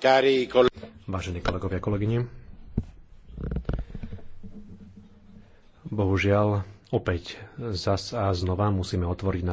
Vážení kolegovia, kolegyne, bohužiaľ, opäť zas a znova musíme otvoriť